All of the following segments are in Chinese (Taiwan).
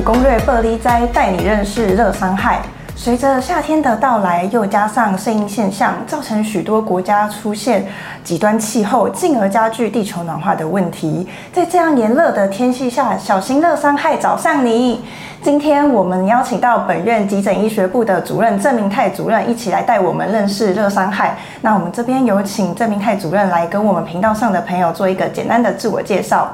攻略玻璃齋帶你認識熱傷害。隨着夏天的到來，又加上聖嬰現象，造成許多國家出現極端氣候，進而加劇地球暖化的問題。在這樣炎熱的天氣下，小心熱傷害找上你。今天我們邀請到本院急診醫學部的主任鄭銘泰主任一起來帶我們認識熱傷害。那我們這邊有請鄭銘泰主任來跟我們頻道上的朋友做一個簡單的自我介紹。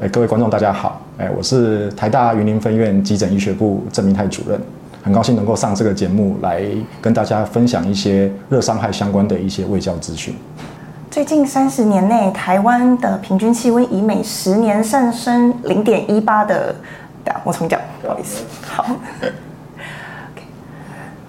欸，各位觀眾大家好。我是臺大雲林分院急診醫學部鄭銘泰主任，很高興能夠上這個節目來跟大家分享一些熱傷害相關的一些衛教資訊。最近三十年內，台灣的平均氣溫以每十年上升零點一八的，我重講，不好意思，好。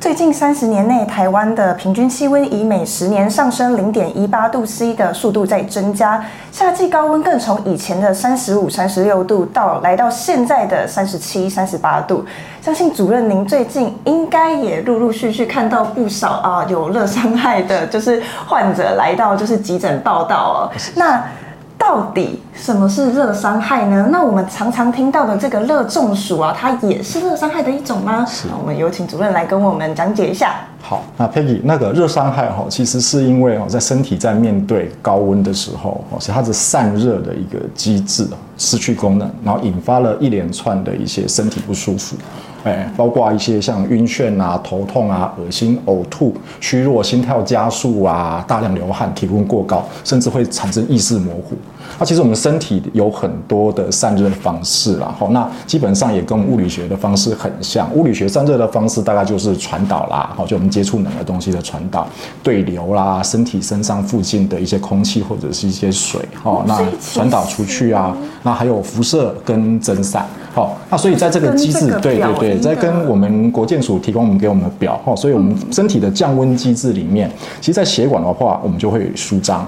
最近三十年內，台灣的平均氣溫以每十年上升零點一八度 C 的速度在增加，夏季高溫更從以前的三十五、三十六度，到來到現在的三十七、三十八度。相信主任，您最近應該也陸陸續續看到不少啊有熱傷害的，就是患者來到就是急診報道哦。那到底什麼是熱傷害呢？那我們常常聽到的這個熱中暑啊，它也是熱傷害的一種嗎？是那我們有請主任來跟我們講解一下。好，那 Peggy，那個熱傷害哈，其實是因為哦，在身體在面對高溫的時候，哦，它的散熱的一個機制失去功能，然後引發了一連串的一些身體不舒服。哎，包括一些像暈眩啊、頭痛啊、噁心、嘔吐、虛弱、心跳加速啊、大量流汗、體溫過高，甚至會產生意識模糊。那、啊、其實我們身體有很多的散熱方式啦、啊，好、哦，那基本上也跟物理學的方式很像。嗯、物理學散熱的方式大概就是傳導啦，好、哦，就我們接觸冷的東西的傳導；對流啦、啊，身體身上附近的一些空氣或者是一些水，好、哦，那傳導出去啊，那還有輻射跟蒸散。好、哦，那所以在這個機制，對對對，在跟我們國健署提供我們給我們的表，好，所以我們身體的降溫機制裡面，其實，在血管的話，我們就會舒張，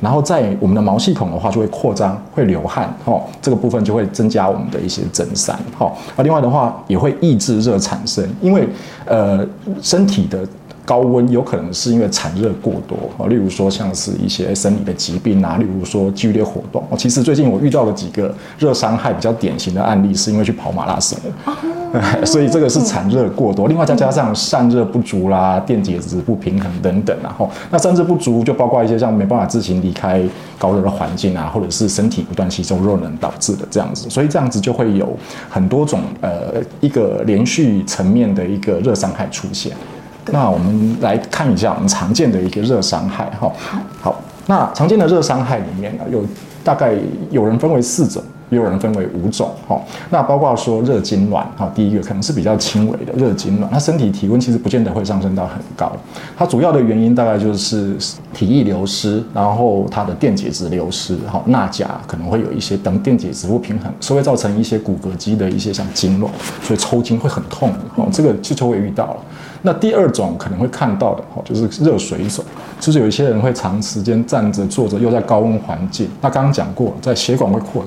然後在我們的毛細孔的話，就會擴張，會流汗，哈、哦，這個部分就會增加我們的一些蒸散，哈、哦，那另外的話也會抑制熱產生，因為，呃，身體的。高溫有可能是因為產熱過多啊，例如說像是一些生理的疾病啊，例如說劇烈活動。其實最近我遇到了幾個熱傷害比較典型的案例，是因為去跑馬拉松，哦、 所以這個是產熱過多。嗯、另外再加上散熱不足啦、啊、電解質不平衡等等、啊，然後那散熱不足就包括一些像沒辦法自行離開高熱的環境啊，或者是身體不斷吸收熱能導致的這樣子。所以這樣子就會有很多種呃一個連續層面的一個熱傷害出現。那我們來看一下我們常見的一個熱傷害哈。好，好，那常見的熱傷害裡面呢、啊，有大概有人分為四種，也有人分為五種哈、哦。那包括說熱痙攣哈，第一個可能是比較輕微的熱痙攣，它身體體溫其實不見得會上升到很高，它主要的原因大概就是體液流失，然後它的電解質流失哈，鈉、哦、鉀可能會有一些等電解質不平衡，所以會造成一些骨骼肌的一些像痙攣，所以抽筋會很痛。哦，這個其實我也遇到了。嗯那第二種可能會看到的哈，就是熱水腫，就是有一些人會長時間站着、坐着，又在高溫環境。那剛剛講過，在血管會擴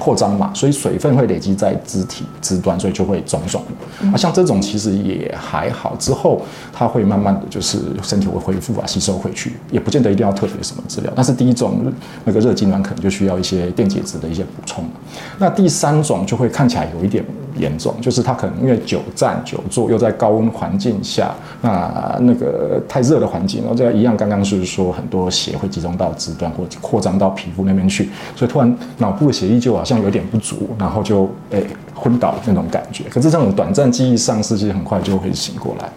擴張嘛，所以水分會累積在肢體肢端，所以就會腫腫的。嗯、啊，像這種其實也還好，之後它會慢慢的就是身體會恢復啊，吸收回去，也不見得一定要特別什麼治療。但是第一種那個熱痙攣可能就需要一些電解質的一些補充。那第三種就會看起來有一點嚴重，就是它可能因為久站久坐又在高溫環境下，那那個太熱的環境，然後這樣一樣剛剛是說很多血會集中到肢端或擴張到皮膚那邊去，所以突然腦部的血液就啊。好像有點不足，然後就誒、欸、昏倒那種感覺。可是這種短暫記憶喪失，其實很快就會醒過來。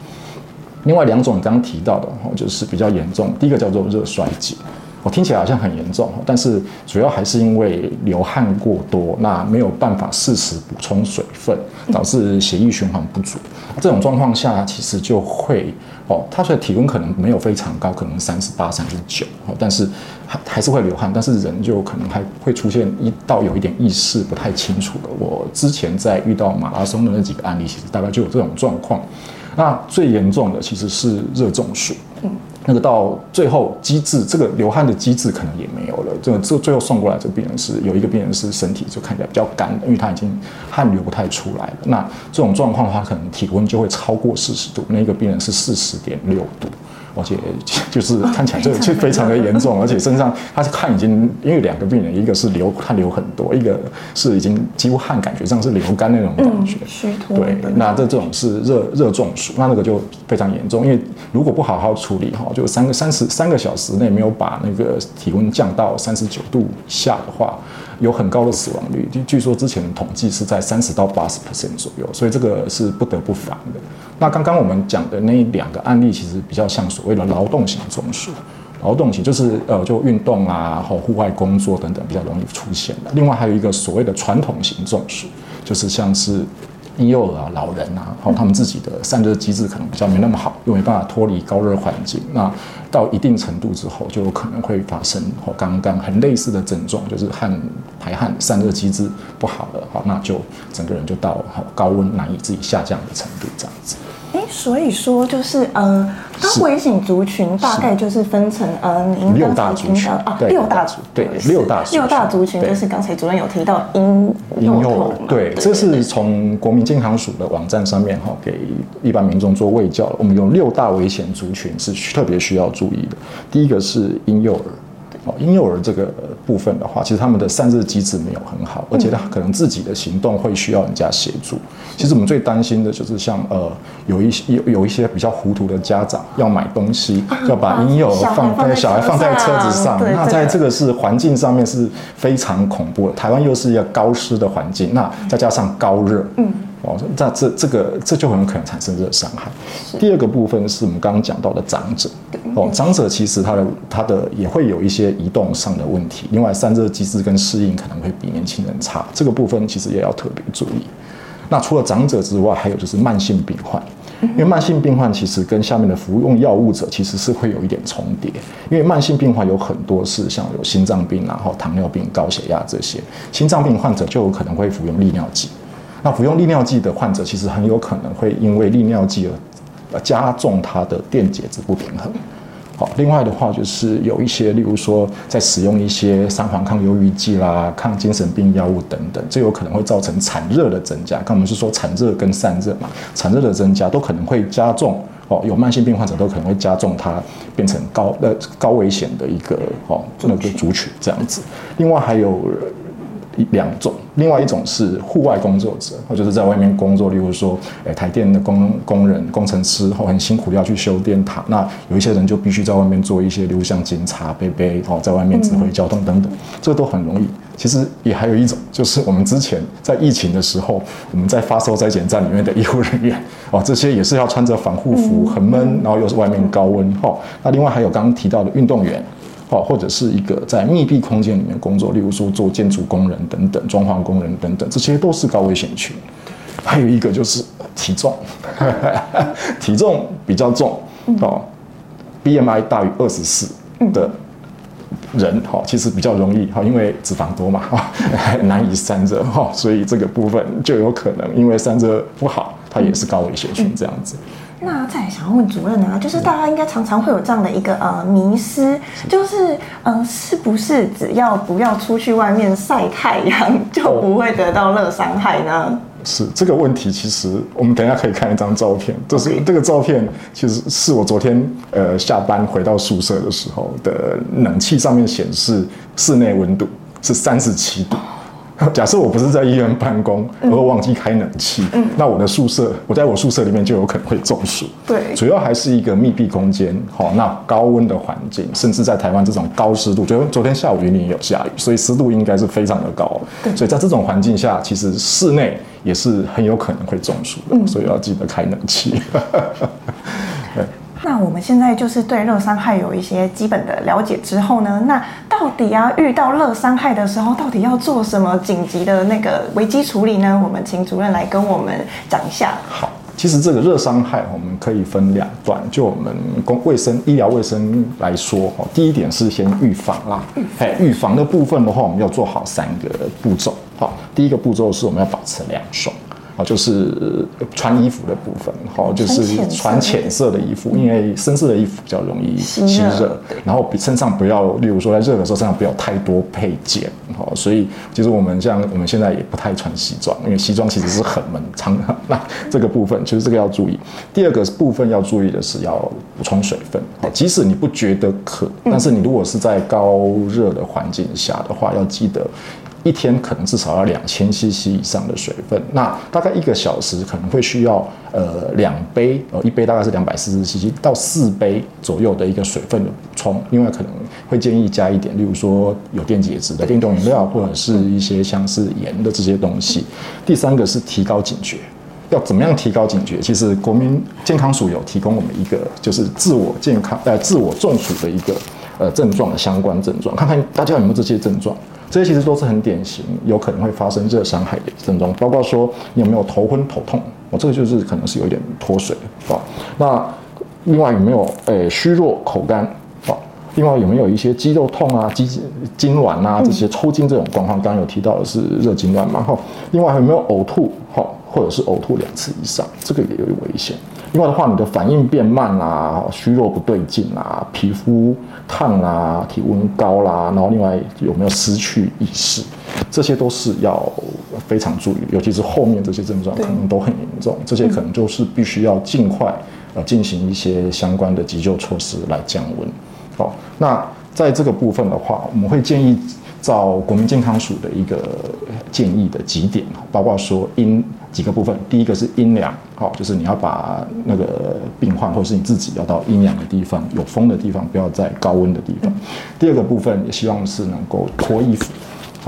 另外兩種你剛剛提到的，然後就是比較嚴重，第一個叫做熱衰竭。我聽起來好像很嚴重，但是主要還是因為流汗過多，那沒有辦法適時補充水分，導致血液循環不足。嗯、這種狀況下，其實就會哦，他、喔、雖然體溫可能沒有非常高，可能三十八、三十九，但是還還是會流汗，但是人就可能還會出現一到有一點意識不太清楚的。我之前在遇到馬拉松的那幾個案例，其實大概就有這種狀況。那最嚴重的其實是熱中暑。嗯那個到最後機制，這個流汗的機制可能也沒有了。這這最後送過來，這個病人是有一個病人是身體就看起來比較乾，因為他已經汗流不太出來了。那這種狀況的話，可能體溫就會超過四十度。那個病人是四十點六度。而且就是看起來就就非常的嚴重，而且身上他是汗已經，因為兩個病人，一個是流汗流很多，一個是已經幾乎汗感覺上是流乾那種感覺，虛脫。對，那這這種是熱熱中暑，那那個就非常嚴重，因為如果不好好處理哈，就三個三十三個小時內沒有把那個體溫降到三十九度以下的話。有很高的死亡率，據說之前的統計是在三十到八十%左右，所以這個是不得不防的。那剛剛我們講的那兩個案例，其實比較像所謂的勞動型中暑，勞動型就是呃，就運動啊，戶外工作等等比較容易出現的。另外還有一個所謂的傳統型中暑，就是像是嬰幼兒啊、老人啊，他們自己的散熱機制可能比較沒那麼好，又沒辦法脫離高熱環境，那到一定程度之後就可能會發生和剛剛很類似的症狀，就是和。排汗散熱機制不好的話，那就整個人就到高溫難以自己下降的程度，這樣子。哎，所以說就是，嗯，高危險族群大概就是分成，嗯，六大族群啊，六大族，對，六大，六大族群就是剛才主任有提到，嬰幼兒，對，這是從國民健康署的網站上面哈，給一般民眾做衛教，我們有六大危險族群是特別需要注意的，第一個是嬰幼兒。嬰幼兒這個部分的話，其實他們的散熱機制沒有很好，我覺得他可能自己的行動會需要人家協助。其實我們最擔心的就是像呃，有一些有有一些比較糊塗的家長要買東西，啊，要把嬰幼兒放，放在小孩放在車子上，對那在這個是環境上面是非常恐怖的。台灣又是一個高濕的環境，那再加上高熱，嗯嗯哦，那這這個這就很可能產生熱傷害。是第二個部分是我們剛剛講到的長者，哦，長者其實他的他的也會有一些移動上的問題，另外散熱機制跟適應可能會比年輕人差，這個部分其實也要特別注意。那除了長者之外，還有就是慢性病患，因為慢性病患其實跟下面的服用藥物者其實是會有一點重疊，因為慢性病患有很多是像有心臟病，然後糖尿病、高血壓這些，心臟病患者就有可能會服用利尿劑。那服用利尿劑的患者，其實很有可能會因為利尿劑而加重他的電解質不平衡。好，另外的話就是有一些，例如說在使用一些三環抗憂鬱劑啦、抗精神病藥物等等，這有可能會造成產熱的增加。剛我們是說產熱跟散熱嘛，產熱的增加都可能會加重哦。有慢性病患者都可能會加重它變成高呃高危險的一個哦這樣、那個、族群這樣子。另外還有。兩種，另外一種是戶外工作者，或就是在外面工作，例如說，呃、台電的工工人、工程師，哦，很辛苦要去修電塔，那有一些人就必須在外面做一些，例如像警察、杯杯，哦，在外面指揮交通等等，這都很容易。其實也還有一種，就是我們之前在疫情的時候，我們在發燒篩檢站裡面的醫護人員，哦，這些也是要穿着防護服，很悶，嗯嗯、然後又是外面高溫，哈、哦。那另外還有剛剛提到的運動員。或者是一個在密閉空間裡面工作，例如說做建築工人等等、裝潢工人等等，這些都是高危險群。還有一個就是體重，體重比較重哦，BMI 大於二十四的人，哈，其實比較容易哈，因為脂肪多嘛，哈，難以散熱，哈，所以這個部分就有可能因為散熱不好，它也是高危險群這樣子。那再想要問主任呢、啊，就是大家應該常常會有這樣的一個呃迷思，是就是嗯、呃，是不是只要不要出去外面曬太陽，就不會得到熱傷害呢？哦、是這個問題。其實我們等一下可以看一張照片，就是這個照片其實是我昨天呃下班回到宿舍的時候的冷氣上面顯示室內溫度是三十七度。假設我不是在醫院辦公，我會忘記開冷氣，嗯嗯、那我的宿舍，我在我宿舍裡面就有可能會中暑。對，主要還是一個密閉空間，好、哦，那高溫的環境，甚至在台灣這種高濕度，覺昨天下午雲林有下雨，所以濕度應該是非常的高。對所以在這種環境下，其實室內也是很有可能會中暑的。嗯、所以要記得開冷氣。 對那我們現在就是對熱傷害有一些基本的了解之後呢，那到底啊遇到熱傷害的時候，到底要做什麼緊急的那個危機處理呢？我們請主任來跟我們講一下。好，其實這個熱傷害，我們可以分兩段，就我們公衛生醫療衛生來說哦，第一點是先預防啦，嗯，哎，預防的部分的話，我們要做好三個步驟。好，哦，第一個步驟是我們要保持涼爽。就是穿衣服的部分，好，就是穿淺色的衣服，因為深色的衣服比較容易吸熱。然後比身上不要，例如說在熱的時候，身上不要太多配件。好，所以其實我們像我們現在也不太穿西裝，因為西裝其實是很悶。長那這個部分，其實這個要注意。第二個部分要注意的是要補充水分。即使你不覺得渴，但是你如果是在高熱的環境下的話，要記得。一天可能至少要兩千 CC 以上的水分，那大概一個小時可能會需要呃兩杯，呃一杯大概是兩百四十 CC 到四杯左右的一個水分的補充。另外可能會建議加一點，例如說有電解質的運動飲料或者是一些像是鹽的這些東西。第三個是提高警覺，要怎麼樣提高警覺？其實國民健康署有提供我們一個，就是自我健康呃自我中暑的一個呃症狀的相關症狀，看看大家有沒有這些症狀。這些其實都是很典型，有可能會發生熱傷害的症狀，包括說你有沒有頭昏頭痛，我、哦、這個就是可能是有一點脫水了、哦，那另外有沒有誒、呃、虛弱口乾、哦，另外有沒有一些肌肉痛啊、肌痙攣啊這些抽筋這種狀況，剛剛有提到的是熱痙攣嘛哈，另外還有沒有嘔吐、哦、或者是嘔吐兩次以上，這個也有危險。另外的話，你的反應變慢啦、啊，虛弱不對勁啦、啊，皮膚燙啦、啊，體溫高啦、啊，然後另外有沒有失去意識，這些都是要非常注意，尤其是後面這些症狀可能都很嚴重，對這些可能就是必須要盡快呃進行一些相關的急救措施來降溫。好、哦，那在這個部分的話，我們會建議。照國民健康署的一個建議的幾點，包括說陰幾個部分，第一個是陰涼，好，就是你要把那個病患或者是你自己要到陰涼的地方，有風的地方，不要在高溫的地方。第二個部分也希望是能夠脫衣服。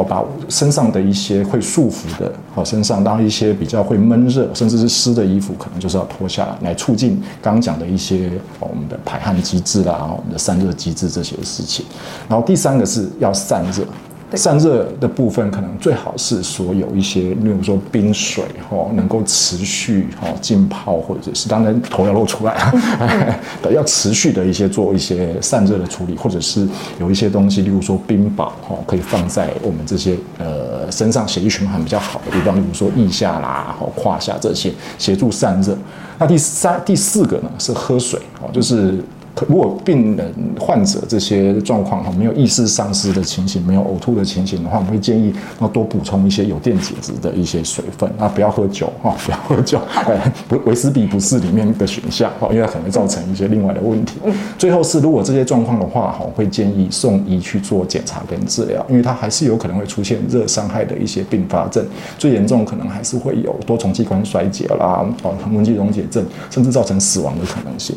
把身上的一些會束縛的，好，身上，然後一些比較會悶熱甚至是濕的衣服，可能就是要脫下來，來促進剛剛講的一些我們的排汗機制啦，我們的散熱機制這些事情。然後第三個是要散熱。對散熱的部分可能最好是所有一些，例如說冰水哈，能夠持續哈浸泡，或者是當然頭要露出來， 要持續的一些做一些散熱的處理，或者是有一些東西，例如說冰寶哈，可以放在我們這些呃身上血液循環比較好的地方，例如說腋下啦、胯下這些，協助散熱。那第三、第四個呢是喝水哦，就是。如果病人患者，這些狀況哈，沒有意識喪失的情形，沒有嘔吐的情形的話，我們會建議要多補充一些有電解質的一些水分，啊不要喝酒哈，不要喝酒，維、哎、維斯比不是裡面的選項哈，因為可能會造成一些另外的問題。最後是如果這些狀況的話哈，我會建議送醫去做檢查跟治療，因為它還是有可能會出現熱傷害的一些併發症，最嚴重可能還是會有多重器官衰竭啦，哦，橫紋肌溶解症，甚至造成死亡的可能性。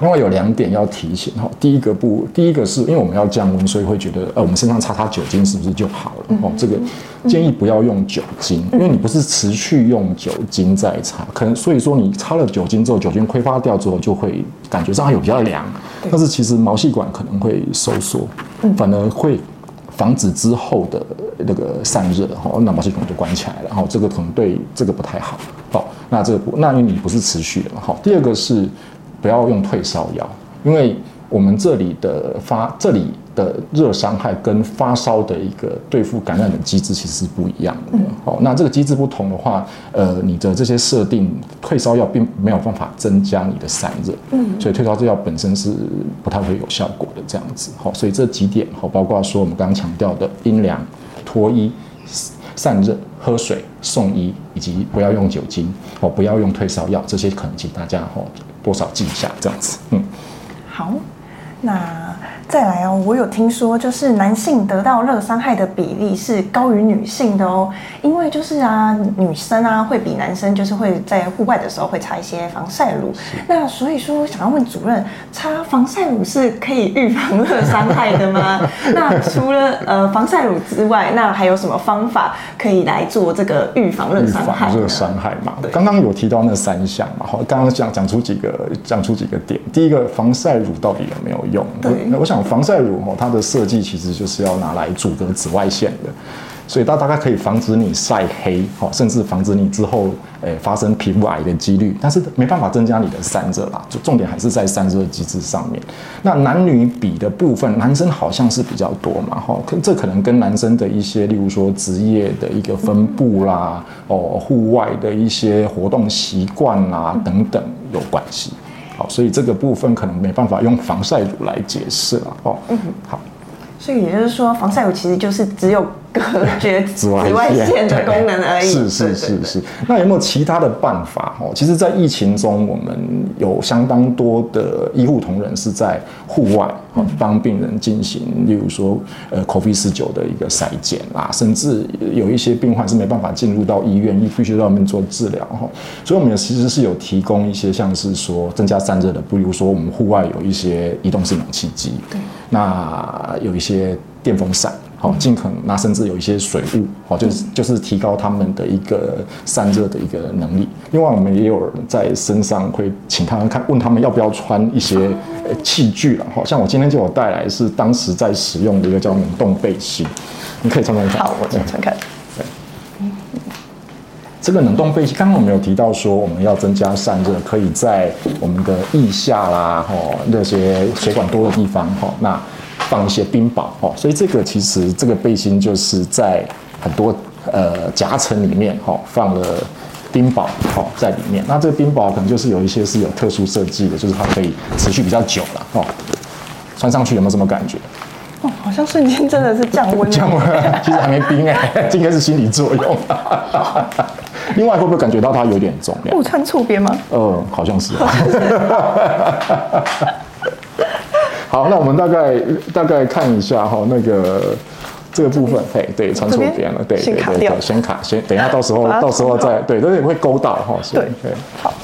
另外有兩點要提醒哈，第一個不，第一個是因為我們要降溫，所以會覺得呃，我們身上擦擦酒精是不是就好了？嗯、哦，這個建議不要用酒精，嗯、因為你不是持續用酒精在擦，嗯、可能所以說你擦了酒精之後，酒精揮發掉之後，就會感覺身上有比較涼，對 但是其實毛細管可能會收縮，嗯、反而會防止之後的那個散熱，哈、哦，那毛細管就關起來了，哈、哦，這個可能對這個不太好，好、哦，那這個不，那因為你不是持續的嘛，好、哦，對 第二個是。不要用退燒藥，因為我們這裡的發這裡的熱傷害跟發燒的一個對付感染的機制其實是不一樣的。好、嗯哦，那這個機制不同的話，呃，你的這些設定退燒藥並沒有辦法增加你的散熱，嗯，所以退燒藥本身是不太會有效果的。這樣子、哦，所以這幾點，哦、包括說我們剛剛強調的陰涼、脫衣、散熱、喝水、送醫以及不要用酒精、哦，不要用退燒藥這些，可能請，大家，哈、哦。多少記一下，這樣子，嗯，好，那。再來哦，我有聽說，就是男性得到熱傷害的比例是高於女性的哦，因為就是啊，女生啊會比男生就是會在戶外的時候會擦一些防曬乳，是那所以說想要問主任，擦防曬乳是可以預防熱傷害的嗎？ 那除了呃防曬乳之外，那還有什麼方法可以來做這個預防熱傷害？預防熱傷害嘛，對剛剛有提到那三項嘛，好，剛剛講講出幾個講出幾個點，第一個防曬乳到底有沒有用？對，那我，我想。防曬乳哈，它的設計其實就是要拿來阻隔紫外線的，所以它大概可以防止你曬黑，哈，甚至防止你之後誒發生皮膚癌的幾率。但是沒辦法增加你的散熱啦，就重點還是在散熱機制上面。那男女比的部分，男生好像是比較多嘛，哈，可這可能跟男生的一些，例如說職業的一個分布啦，哦，戶外的一些活動習慣啦等等有關係。所以這個部分可能沒辦法用防曬乳來解釋了哦。嗯，好，所以也就是說，防曬乳其實就是只有。隔絕紫外線的功能而已。是是是是。那有沒有其他的辦法？哦，其實，在疫情中，我們有相當多的醫護同仁是在戶外哦，幫病人進行，例如說，呃，COVID-19 的一個篩檢啊，甚至有一些病患是沒辦法進入到醫院，你必須在外面做治療哈。所以，我們其實是有提供一些，像是說增加散熱的，比如說我們戶外有一些移動式冷氣機，對，那有一些電風扇。好，盡可能，那甚至有一些水霧，好、嗯，就是就是提高他們的一個散熱的一個能力。另外，我們也有人在身上會請他們看，問他們要不要穿一些、嗯欸、器具了。好，像我今天就有帶來是當時在使用的一個叫冷凍背心，嗯、你可以穿穿一看。好，我先穿看、欸、對，嗯，這個冷凍背心剛剛我們有提到說，我們要增加散熱，可以在我們的腋下啦，那些水管多的地方，哈，那。放一些冰雹，哦，所以這個其實這個背心就是在很多呃夾層裡面哈放了冰雹，在裡面。那這個冰雹可能就是有一些是有特殊設計的，就是它可以持續比較久了哦。穿上去有沒有什麼感覺？哦，好像瞬間真的是降溫。降溫，其實還沒冰哎，應該是心理作用。 另外會不會感覺到它有點重量？不穿醋邊嗎？嗯、呃，好像是，、啊哦是，是 好，那我們大概大概看一下哈，那個這個部分，嘿，對，穿錯邊了，對，對，對。先卡掉，先卡，先等一下，到時候到時候再，對，但是也會勾到哈，對，對。好，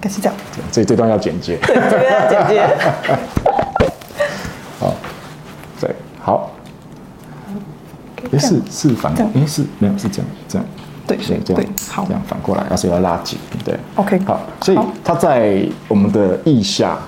該是這樣，這這段要剪接，對，要剪接，好，對，好，哎，是是反，哎，是沒有，是這樣，這樣，對，對，這樣，好，這樣反過來，而且要拉緊，對，OK，好，所以它在我們的腋下。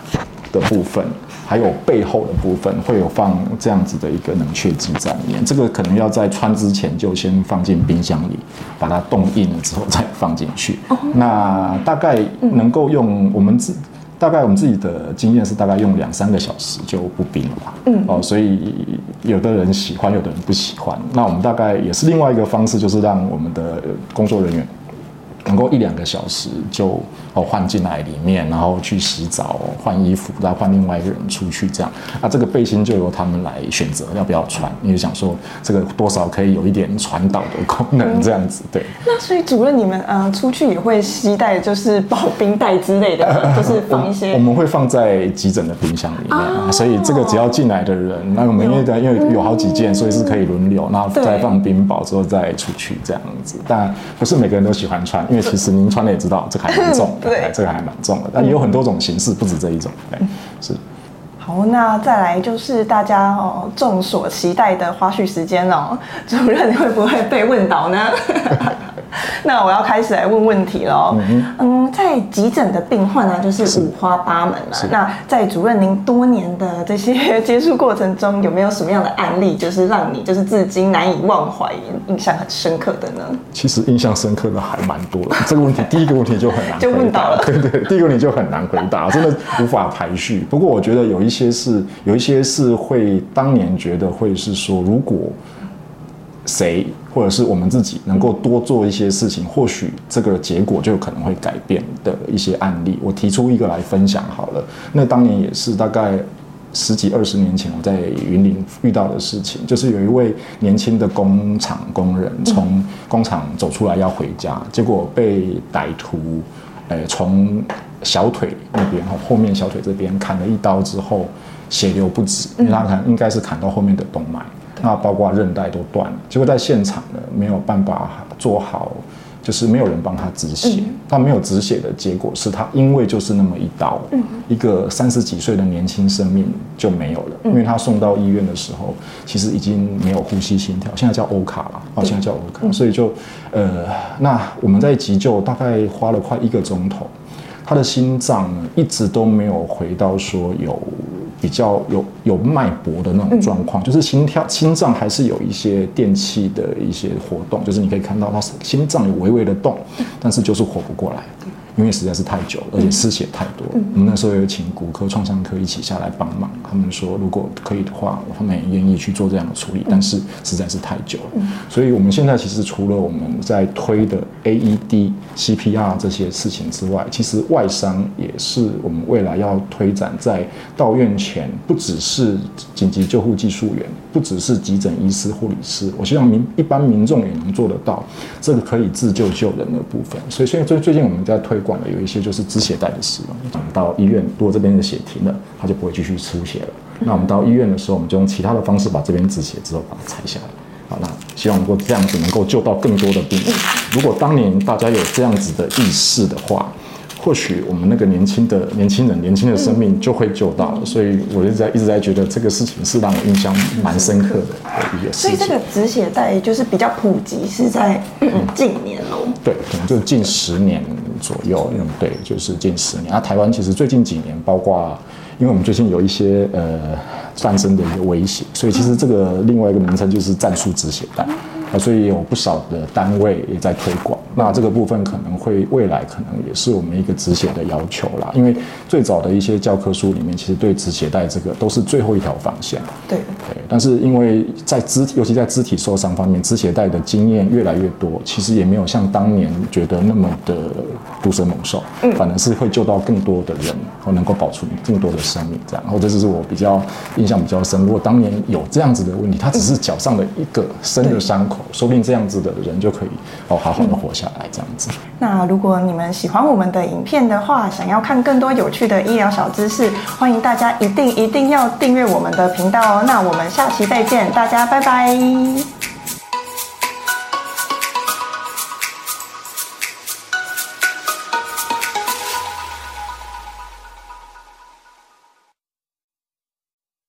的部分，還有背後的部分，會有放這樣子的一個冷卻劑在裡面。這個可能要在穿之前就先放進冰箱裡，把它凍硬了之後再放進去。哦、那大概能夠用我們自，嗯、大概我們自己的經驗是大概用兩三個小時就不冰了吧？嗯哦，所以有的人喜歡，有的人不喜歡。那我們大概也是另外一個方式，就是讓我們的工作人員能夠一兩個小時就。哦，換進來裡面，然後去洗澡、換衣服，再換另外一個人出去，這樣。啊，這個背心就由他們來選擇要不要穿，因為想說這個多少可以有一點傳導的功能，這樣子。對。那所以，主任你們，呃，出去也會攜帶，就是保冰袋之類的，就是放一些。我們會放在急診的冰箱裡面，所以這個只要進來的人，那我們因為因為有好幾件，所以是可以輪流，然後再放冰包之後再出去這樣子。但不是每個人都喜歡穿，因為其實您穿了也知道，這個還很重。對、啊，這個還蠻重的，但也有很多種形式，不止這一種。對，是。好，那再來就是大家哦，眾所期待的花絮時間哦，主任會不會被問倒呢？ 那我要開始來問問題了。嗯，哼嗯，在急診的病患啊，就是五花八門了。那在主任您多年的這些接觸過程中，有沒有什麼樣的案例，就是讓你就是至今難以忘懷，印象很深刻的呢？其實印象深刻的還蠻多的。這個問題。 第一個問題就很難回答，就問到了。對，對對，第一個問題就很難回答，真的無法排序。 不過我覺得有一些是，有一些是會當年覺得會是說，如果誰。或者是我們自己能夠多做一些事情，或許這個結果就有可能會改變的一些案例，我提出一個來分享好了。那當年也是大概十幾二十年前，我在雲林遇到的事情，就是有一位年輕的工廠工人從工廠走出來要回家，結果被歹徒誒從、呃、小腿那邊後面小腿這邊砍了一刀之後，血流不止，那應該是砍到後面的動脈。那包括韌帶都斷了，結果在現場呢，沒有辦法做好，就是沒有人幫他止血。他沒有止血的結果是他因為就是那麼一刀，一個三十幾歲的年輕生命就沒有了。因為他送到醫院的時候，其實已經沒有呼吸心跳，現在叫歐卡了，哦，現在叫歐卡，所以就呃，那我們在急救大概花了快一個鐘頭，他的心臟呢一直都沒有回到說有，比較有有脈搏的那種狀況，就是心跳心臟還是有一些電氣的一些活動，就是你可以看到他心臟有微微的動，但是就是活不過來，因為實在是太久了，而且失血太多，嗯，我們那時候有請骨科創傷科一起下來幫忙，他們說，如果可以的話，他們也願意去做這樣的處理，但是實在是太久了。所以我們現在其實除了我們在推的 AED、CPR 這些事情之外，其實外傷也是我們未來要推展在到院前，不只是緊急救護技術員，不只是急診醫師、護理師，我希望民一般民眾也能做得到這個可以自救救人的部分。所以現在最最近我們在推廣的有一些就是止血帶的使用。我們到醫院，如果這邊的血停了，它就不會繼續出血了。那我們到醫院的時候，我們就用其他的方式把這邊止血之後把它拆下來。好，那希望能夠這樣子能夠救到更多的病人。如果當年大家有這樣子的意識的話，或許我們那個年輕的年輕人、年輕的生命就會救到，嗯、所以我一直在一直在覺得這個事情是讓我印象蠻深刻的一個事情、嗯。所以這個止血帶就是比較普及，是在、嗯、近年嘍？對，可能就近十年左右。嗯，對，就是近十年。啊，台灣其實最近幾年，包括因為我們最近有一些呃戰爭的一個威脅，所以其實這個另外一個名稱就是戰術止血帶啊，嗯、所以有不少的單位也在推廣。那這個部分可能會未來可能也是我們一個止血的要求啦，因為最早的一些教科書裡面其實對止血帶這個都是最後一條防線。對，對。但是因為在肢，尤其在肢體受傷方面，止血帶的經驗越來越多，其實也沒有像當年覺得那麼的毒蛇猛獸，反而是會救到更多的人，然後能夠保存更多的生命這樣。然後這就是我比較印象比較深。如果當年有這樣子的問題，他只是腳上的一個深的傷口，說不定這樣子的人就可以哦好好的活下。嗯來這樣子。那如果你們喜歡我們的影片的話，想要看更多有趣的醫療小知識，歡迎大家一定一定要訂閱我們的頻道哦。那我們下期再見，大家拜拜。